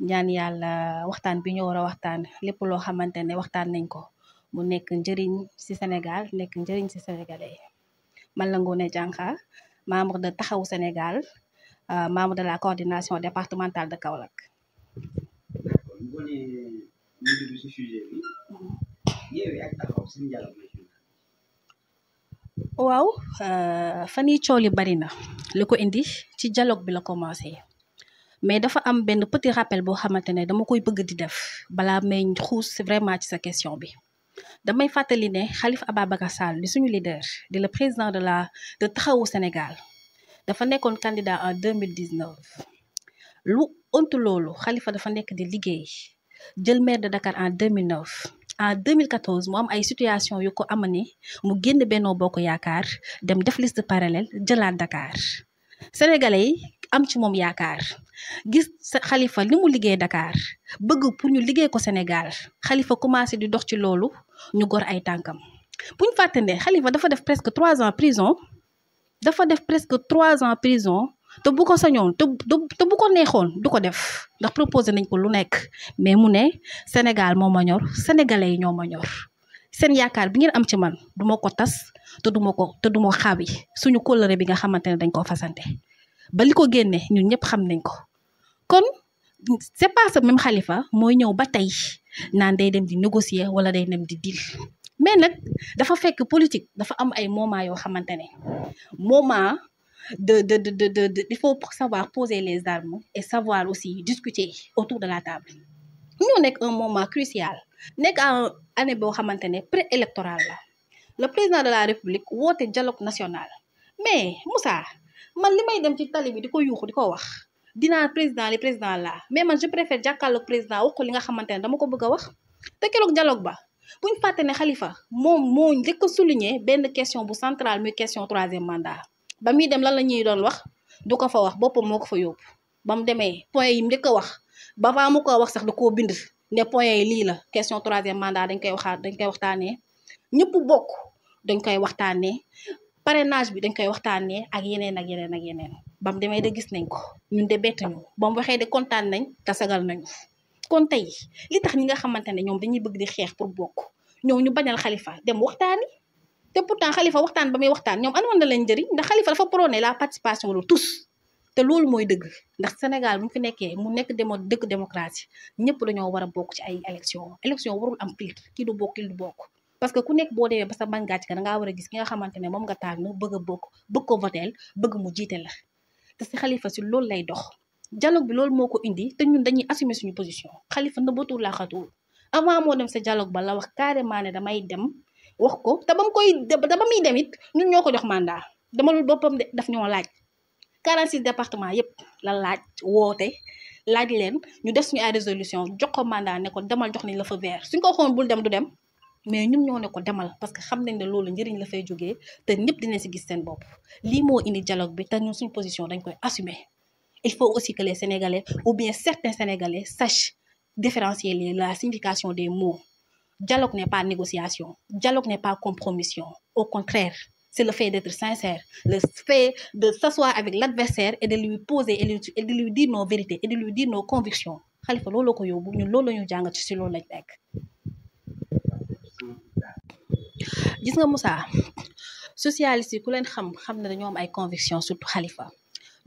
ñaan yàlla waxtaan bi ñu war a waxtaan lépp loo xamante ne waxtaan nañ ko mu nekk njëriñ ci Sénégal nekk njëriñ ci sénégalais man la Ngoné Diankha membre de Taxawu Sénégal euh, membre de la coordination départementale de Kaolack. d'accord Ngoné ñu dugg ci waaw euh, fan yi bari na lu ko indi ci dialogue bi la commencé. mais dafa am benn petit rappel boo xamante ne dama koy bëgg di def balaa may xuus vraiment ci sa question bi damay fàttali ne xalifa Ababacar Sall di suñu leader di la président de la de Taxawu Sénégal dafa nekkoon candidat en 2019 lu ëntu loolu Khalifa dafa nekk di liggéey jël maire de Dakar en 2009 en 2014 mu am ay situation yu ko amani mu génn Benno Bokk Yaakaar dem def liste parallèle jëlaat Dakar sénégalais am ci moom yaakaar gis Khalifa li mu liggéey Dakar bëgg pour ñu liggéey ko Sénégal Khalifa commencé di dox ci loolu ñu gor ay tànkam bu ñu fàtte ne dafa def presque trois ans prison dafa def presque trois ans prison te bu ko sañoon te te bu ko neexoon du ko def ndax proposé nañ ko lu nekk mais mu ne Sénégal moo ma ñor sénégalais yi ñoo ma ñor seen yaakaar bi ngeen am ci man du ma ko tas te du ko te du ma xaawi suñu kóllëre bi nga xamante ne dañ koo fasante. ba ko génne ñun ñëpp xam nañ ko kon c'est pas ce même Khalifa mooy ñëw ba tey naan day dem di négocier wala day dem di deal mais nag dafa fekk politique dafa am ay moment yoo xamante ne moment de de de de de il faut savoir poser les armes et savoir aussi discuter autour de la table ñoo nek un moment crucial nekk en année boo xamante ne préélectoral la le président de la république woote dialogue national mais Moussa man li may dem ci tali bi di ko yuuxu di ko wax dinaa président li président la mais man je préfère jàkkaarloog président wax ko li nga xamante ne dama ko bëgg a wax te keroog dialogue ba bu ñu fàtte ne Khalifa moom moo njëkk a souligner benn question bu centrale muy question troisième mandat ba muy dem lan la ñuy doon wax du ko fa wax boppam moo ko fa yóbbu ba mu demee point yi mu njëkk a wax ba faa mu ko wax sax da koo bind ne point yi lii la question troisième mandat dañ koy waxaat dañ koy waxtaanee ñëpp bokk dañ koy waxtaanee nage bi dañ koy waxtaanee ak yeneen ak yeneen ak yeneen bam demee de gis nañ ko ñun de bett ñu ba mu waxee de kontaan nañ tasagal nañu kon tey li tax ñi nga xamante ne ñoom dañuy bëgg di xeex pour bokk ñoom ñu bañal xalifa dem waxtaani te pourtant xalifa waxtaan ba muy waxtaan ñoom anoon na lañ njëriñ ndax xalifa dafa prôné la participation de tous te loolu mooy dëgg ndax Sénégal mu fi nekkee mu nekk demo dëkk démocratie ñëpp dañoo war a bokk ci ay élection élection warul am filtre kii du bokk parce que ku nekk boo demee ba sa ban ka da ngaa war a gis ki nga xamante ne moom nga taal na bëgg a bokk bëgg ko voteel bëgg mu jiite la te si xalifa si loolu lay dox dialogue bi loolu moo ko indi te ñun dañuy assumer suñu position xalifa nëbbatul laaxatul avant moo dem sa dialogue ba la wax carrément ne damay dem wax ko te ba mu koy te ba muy dem it ñun ñoo ko jox mandat dama lul boppam de daf ñoo laaj si département yëpp la laaj woote laaj leen ñu def suñu ay résolution jox ko mandat ne ko jox nañ la fa vert suñ ko waxoon bul dem du dem mais ñun ñoo ne ko demal parce que xam nañ ne loolu njëriñ la fay jógee te ñëpp dinañ si gis seen bopp li moo indi dialogue bi te ñun suñu position dañ koy assumer il faut aussi que les sénégalais ou bien certains sénégalais sachent différencier les la signification des mots dialogue n'est pas négociation dialogue n'est pas compromission au contraire c'est le fait d'être sincère le fait de s'asseoir avec l'adversaire et de lui poser et de lui dire nos vérités et loolu la ñu jàngat ci loolu lañ nekk gis nga Moussa socialiste yi ku leen xam xam na dañoo am ay conviction surtout Khalifa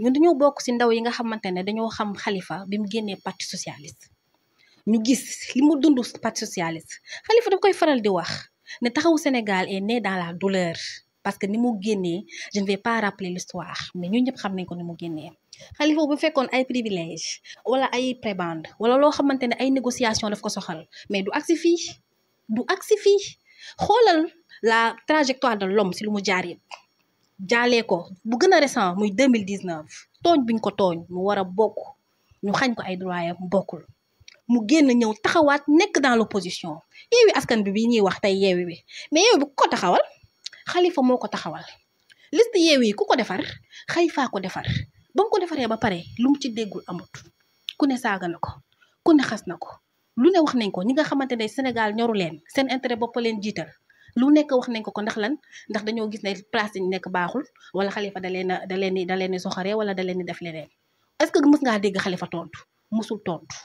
ñun dañoo bokk ci ndaw yi nga xamante ne dañoo xam Khalifa bi mu génnee parti socialiste ñu gis li mu dund parti socialiste Khalifa daf koy faral di wax ne taxawu Sénégal et né dans la douleur parce que ni mu génnee je ne vais pas rappeler l'histoire mais ñun ñëpp xam nañ ko ni mu génnee Khalifa bu fekkoon ay privilège wala ay prébande wala loo xamante ne ay négociation daf ko soxal mais du agsi fii du agsi fii xoolal la trajectoire de l'homme si lu mu jaar yëpp jaalee ko bu gën a récent muy 2019 tooñ biñ ko tooñ mu war a bokk ñu xañ ko ay droit yam bokkul mu génn ñëw taxawaat nekk dans l'opposition yeewi askan bi bi ñuy wax tey yeewi bi mais yeewi bi ku ko taxawal xalifa moo ko taxawal liste yeewi yi ku ko defar faa ko defar ba ko defaree ba pare lum ci déggul amut ku ne saaga na ko ku ne xas na ko lu ne wax nañ ko ñi nga xamante ne Sénégal ñoru leen seen intérêt bopp leen jiital lu nekk wax nañ ko ko ndax lan ndax dañoo gis ne place yi nekk baaxul wala xalifa da leen a da leen da leen soxaree wala da leen def leneen est-ce que mës ngaa dégg xalifa tontu musul tontu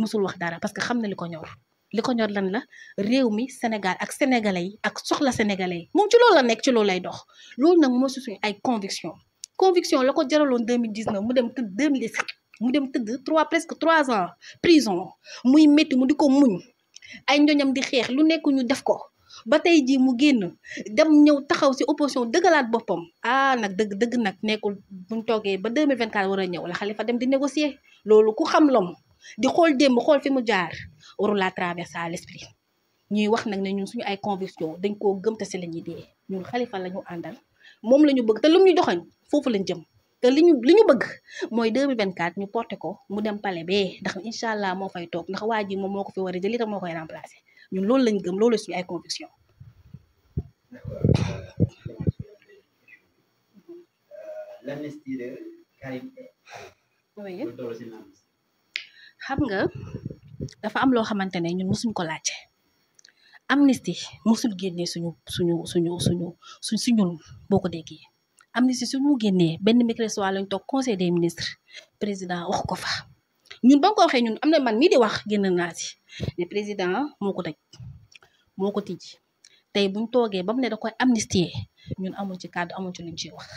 musul wax dara parce que xam na li ko ñor li ko ñor lan la réew mi Sénégal ak sénégalais yi ak soxla sénégalais yi moom ci loolu la nekk ci loolu lay dox loolu nag moo suñu ay conviction conviction la ko jaraloon 2019 mu dem mu dem tëdd trois presque trois ans prison muy métti mu di ko muñ ay ñoñam di xeex lu nekk ñu def ko ba tey jii mu génn dem ñëw taxaw ci opposition dëggalaat boppam ah nag dëgg dëgg nag nekkul buñ toogee ba 2024 war a ñëw la Khalifa dem di négocier loolu ku xam lom di xool démb xool fi mu jaar waru laa traverser à l'esprit ñuy wax nag ne ñun suñu ay conviction dañ koo gëm te ci la ñuy dee ñun Khalifa la ñu àndal moom la ñu bëgg te lu mu ñu jëm li ñu li ñu bëgg mooy 2024 ñu porté ko mu dempale palais bee ndax incha allah moo fay toog ndax waa ji moom moo ko fi war a jëli te moo koy remplacé ñun loolu lañ gëm loolu si ay conviction xam nga dafa am loo xamante ne ñun mosuñ ko laajte amnistie mosul génnee suñu suñu suñu suñu suñ suñu boo ko déggee amnistie su mu génnee benn maîtresse waa lañ toog conseil des ministres président wax ko fa ñun ba ko waxee ñun am na man mii di wax génn naa si ne président moo ko tëj moo ko tijji tey buñ toogee ba mu ne da koy amnistier ñun amuñ ci kàddu amuñ ci luñ ci wax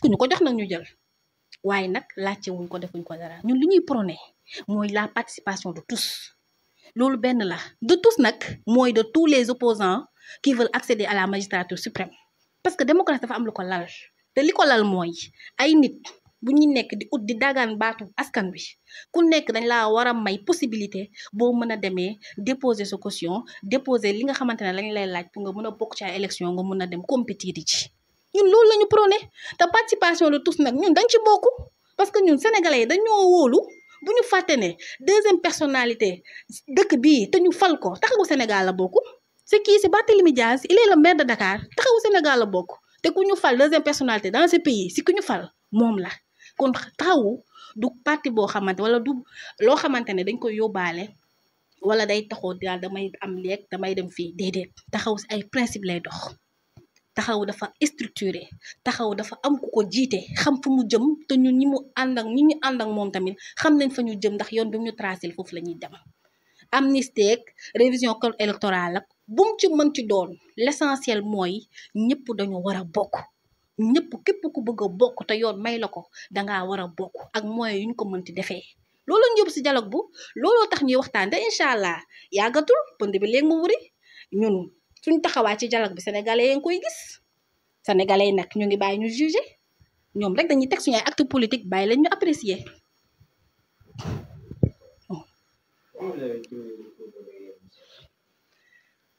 ku ko jox nag ñu jël waaye nag laajte wuñ ko defuñ ko dara ñun lu ñuy prôné mooy la participation de tous loolu benn la de tous nag mooy de tous les opposants qui veulent accéder à la magistrature suprême parce que démocratie dafa am lu ko lal te li ko lal mooy ay nit bu ñu nekk di ut di dagaan baatu askan bi ku nekk dañ laa war a may possibilité boo mën a demee déposer sa caution déposer li nga xamante ne lañ lay laaj pour nga mën a bokk ci élection nga mën a dem compétir ci ñun loolu la ñu prôné te participation le tous nag ñun dañ ci bokk parce que ñun sénégalais yi dañoo woolu bu ñu fàtte ne deuxième personnalité dëkk bii te ñu fal ko taxawu Sénégal la bokk ce qui c'est Barthélémy Dias il est le maire de Dakar taxawu Sénégal la bokk. te ku ñu fal deuxième personnalité dans ce pays si ku ñu fal moom la kon taxawu du parti boo xamante wala du loo xamante ne dañ koy yóbbaale wala day taxaw daal damay am leeg damay dem fii déedéet taxaw si ay principe lay dox taxaw dafa structuré taxaw dafa am ku ko jiite xam fu mu jëm te ñun ñi mu ànd ak ñi ñu ànd ak moom tamit xam nañ fa ñu jëm ndax yoon bi mu ñu tracé foofu la ñuy dem amnistie ak révision code électoral bu mu ci mënti doon l'essentiel mooy ñëpp dañu war a bokk ñëpp képp ku bëgg a bokk te yoon may la ko dangaa war a bokk ak moyen yu ñu ko mënti defee loolu ñu yóbbu si dialogue bu looloo tax ñuy waxtaan te incha allah yàggatul pënd bi léegi mu wuri ñun suñ taxawaay ci dialogue bi sénégalais yi koy gis sénégalais yi ñu ngi bàyyi ñu jugé ñoom rek dañuy teg suñu ay acte politique bàyyi lañ ñu apprécier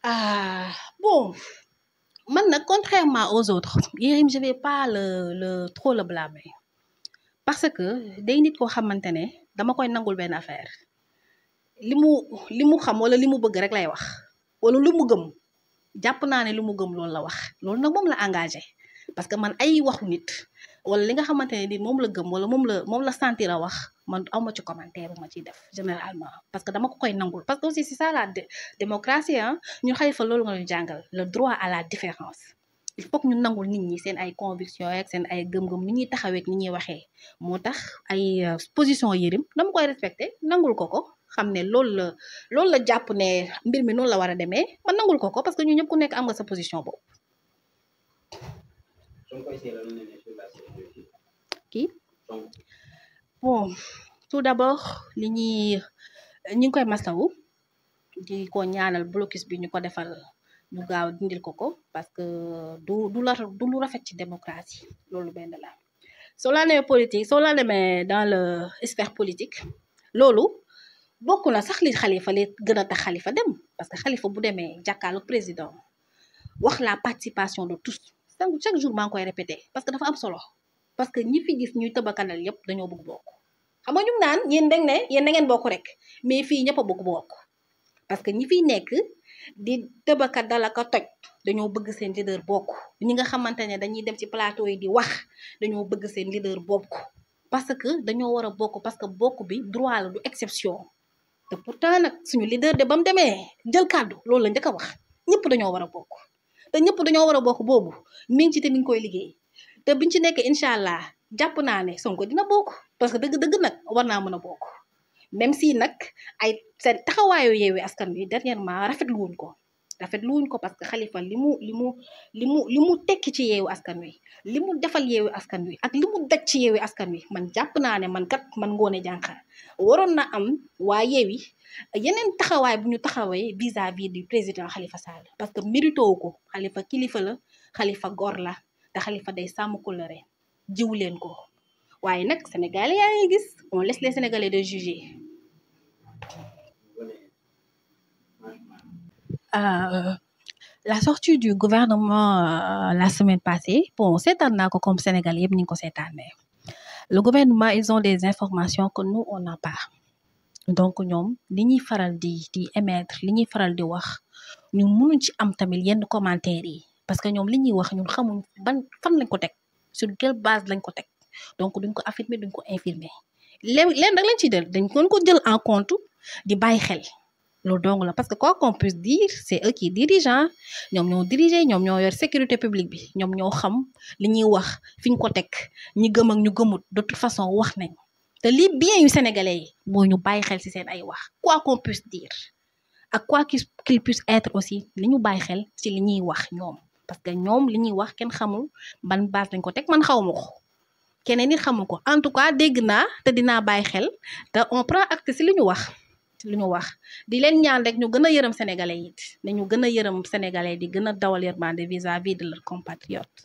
ah bon man nag contrairement aux autres Yérim je vais pas le le parce que day nit koo xamante ne dama koy nangul benn affaire li mu li mu xam wala li mu bëgg rek lay wax wala lu mu gëm jàpp naa ne lu mu gëm loolu la wax loolu nag mom la engagé parce que man ay waxu wala li nga xamante ne ni moom la gëm wala moom la moom la sentir a wax man aw ma ci commentaire bu ma ciy def généralement parce que dama ko koy nangul parce que aussi c'est ça la démocratie ah ñu Xalifa loolu nga ñu jàngal le droit à la différence il faut que ñu nangul nit ñi seen ay conviction ak seen ay gëm ni ñuy taxawee ni ñuy waxee moo tax ay euh, position Yérim dama koy respecté nangul ko ko xam ne loolu la loolu la jàpp ne mbir mi noonu la war a demee man nangul ko ko parce que ñu ñëpp ku nekk am sa position boobu kii bon tout d'abord li ñuy ñu ngi koy mastaw di ko ñaanal blocus bi ñu ko defal ñu gaaw dindil ko ko parce que du du la du lu rafet ci démocratie loolu benn la soo la demee politique soo la demee dans le sper politique loolu bokk na sax li xalifa li gën a tax xalifa dem parce que xalifa bu demee jàkkaarloog président wax la participation de tous chaque jour maa koy répété parce que dafa am solo parce que ñi fi gis ñuy tëbakanal yépp dañoo bëgg bokk xam nga ñu naan yéen dañ ne yéen da ngeen bokk rek mais fii ñëpp a bëgg bokk parce que ñi fiy nekk di tëbaka dalaka toj dañoo bëgg seen leader bokk ñi nga xamante ne dañuy dem ci plateau yi di wax dañoo bëgg seen leader bokk parce que dañoo war a bokk parce que bokk bi droit la du exception te pourtant nag suñu leader de ba mu demee jël kàddu loolu la njëkk a wax ñëpp dañoo war a bokk te ñëpp dañoo war a bokk boobu mi ngi ci te koy liggéey te biñ ci nekkee incha allah jàpp naa ne Sonko dina bokk parce que dëgg-dëgg nag war naa mën a bokk même si nag ay seen taxawaayu yeewee askan wi dernièrement rafetlu wuñ ko rafetlu wuñ ko parce que xalifa li mu li mu li mu li mu tekki ci yeewu askan wi li mu defal yeewu askan wi ak limu mu daj ci yeewu askan wi man jàpp naa ne man kat man ngoone jànqa waroon na am waa yeewi yeneen taxawaay bu ñu taxawee vis-à-vis du président Khalifa Sall parce que mérito ko Khalifa kilifa la Khalifa góor la. te Khalifa day sàmm coloré jiw leen ko waaye nag sénégalais yaa ngi gis on laisse les sénégalais de juger. Euh, la sortie du gouvernement euh, la semaine passée bon seetaan naa ko comme sénégalais yëpp ni nga ko seetaanee le gouvernement ils ont des informations que nous on n'a pas. donc ñoom li faral di di émettre li ñuy faral di wax ñu mënuñ ci am tamit yenn commentaires yi. parce que ñoom li ñuy wax ñun xamuñ ban fan lañ ko teg sur quelle base lañ ko teg donc duñ ko affirmer duñ ko infirmer leen leen rek lañ ci del dañ kon ko jël en compte di bàyyi xel loolu dong la parce que quoi qu'on puisse dire c' est eux qui dirigeant ñoom ñoo diriger ñoom ñoo yor sécurité publique bi ñoom ñoo xam li ñuy wax fi ñu ko teg ñi gëm ak ñu gëmut de toute façon wax nañ te li bien yu sénégalais yi mooy ñu bàyyi xel ci seen ay wax quoi qu'on puisse dire ak quoi qu'il puisse aussi li ñu bàyyi xel ci li ñuy wax ñoom parce que ñoom li ñuy wax kenn xamul man baas lañ ko teg man xaw ma ko keneen nit xamul ko en tout cas dégg naa te dinaa bàyyi xel te on prend acte li ñu wax ci li ñu wax di leen ñaan rek ñu gën a yërëm sénégalais it nañu gën a yërëm sénégalais di gën a dawal yërmande vis-à-vis de leurs compatriotes.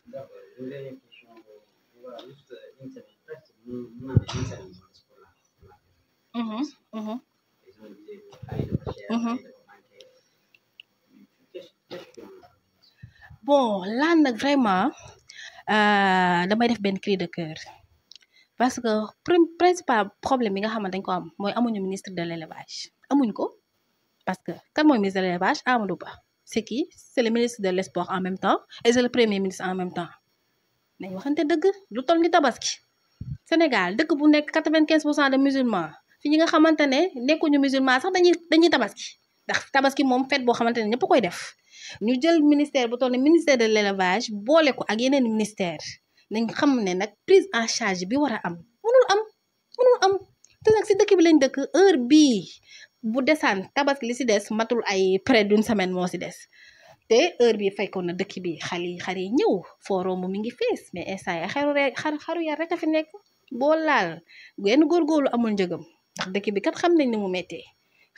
bon laan vraiment vraiment euh, damay def benn cri de cœur parce que principal problème bi nga xamante dañ ko am mooy amuñu ministre de l'élevage amuñ ko parce que kan mooy ministre de l'élevage Amadou Ba c'est qui c'est le ministre de l'esport en même temps et c'est le premier ministre en même temps nañ waxante dëgg lu tabaski Sénégal dëkk bu nekk quatre-vingt-quinze pour cent de musulmans fi nga xamante ne nekkuñu musulman sax dañuy dañuy tabaski ndax tabaski moom fête boo xamante ne ñëpp koy def ñu jël ministère bu toll ne ministère de l' élevage boole ko ak yeneen ministère nañ xam ne nag prise en charge bi war a am mënul am mënul am te nag si dëkk bi lañ dëkk heure bii bu desaan tabat li si des matul ay près d' semaine moo si des te heure bii fekkoon na dëkk bi xar yi xar yi ñëw fooroom mi ngi fees mais instant yi xaru xar xaru yar rek a fi nekk boo laal genn góorgóorlu amul njëgam ndax dëkk bi kat xam nañ ni mu méttee.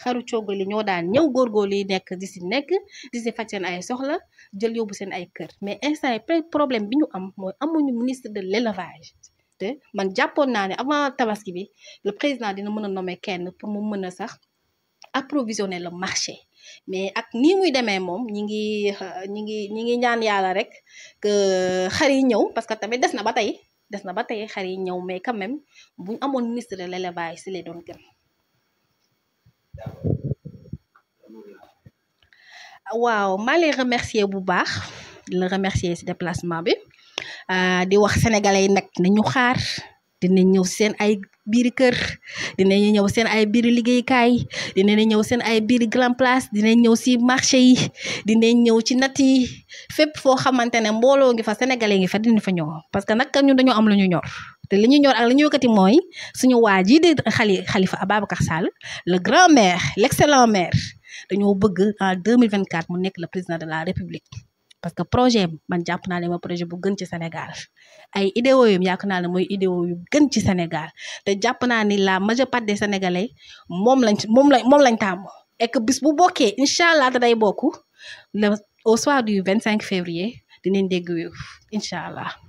xaru coogo li ñoo daan ñëw góorgóorlu yi nekk di si nekk di si faj seen ay soxla jël yóbbu seen ay kër mais instant yi problème bi ñu am mooy amuñu ministre de l'élevage te man jàppoon naa ne avant tabaski bi le président dina mën a nommer kenn pour mu mën a sax approvisionner le marché mais ak nii muy demee moom ñi ngi euh, ñi ngi ñi ngi ñaan yàlla rek que euh, xar yi ñëw parce que tamit des na ba tey des na ba tey xar yi ñëw mais quand même buñ amoon ministre de l'élevage si lay doon gën waaw maa remercier bu baax di la remercier ci déplacement bi ah, di wax sénégalais yi nag nañu xaar dina ñëw seen ay biiri kër dinañu ñëw seen ay biiri liggéeykaay dinañu ñëw seen ay biiri grand place dinañ ñëw si marché yi dinañ ñëw ci nat yi fépp foo xamante ne mbooloo ngi fa sénégalais ngi fa dina fa ñëw parce que nag ñu dañoo am lu ñu ñor te li ñu ñor ak li ñu yëkkati mooy suñu waa jii di xali Khalifa Ababacar Sall le grand maire l'excellent maire dañoo bëgg en 2024 mu nekk le président de la république parce que projet man jàpp naa ne ma projet bu gën ci Sénégal ay idéo yam yaakaar naa ne mooy idéo yu gën ci Sénégal te jàpp naa ni la majeure part des Sénégalais moom lañ moom lay moom lañ tàmm et que bis bu bokkee incha allah da day bokk le au soir du 25 février dinañ dégg wéew incha allah.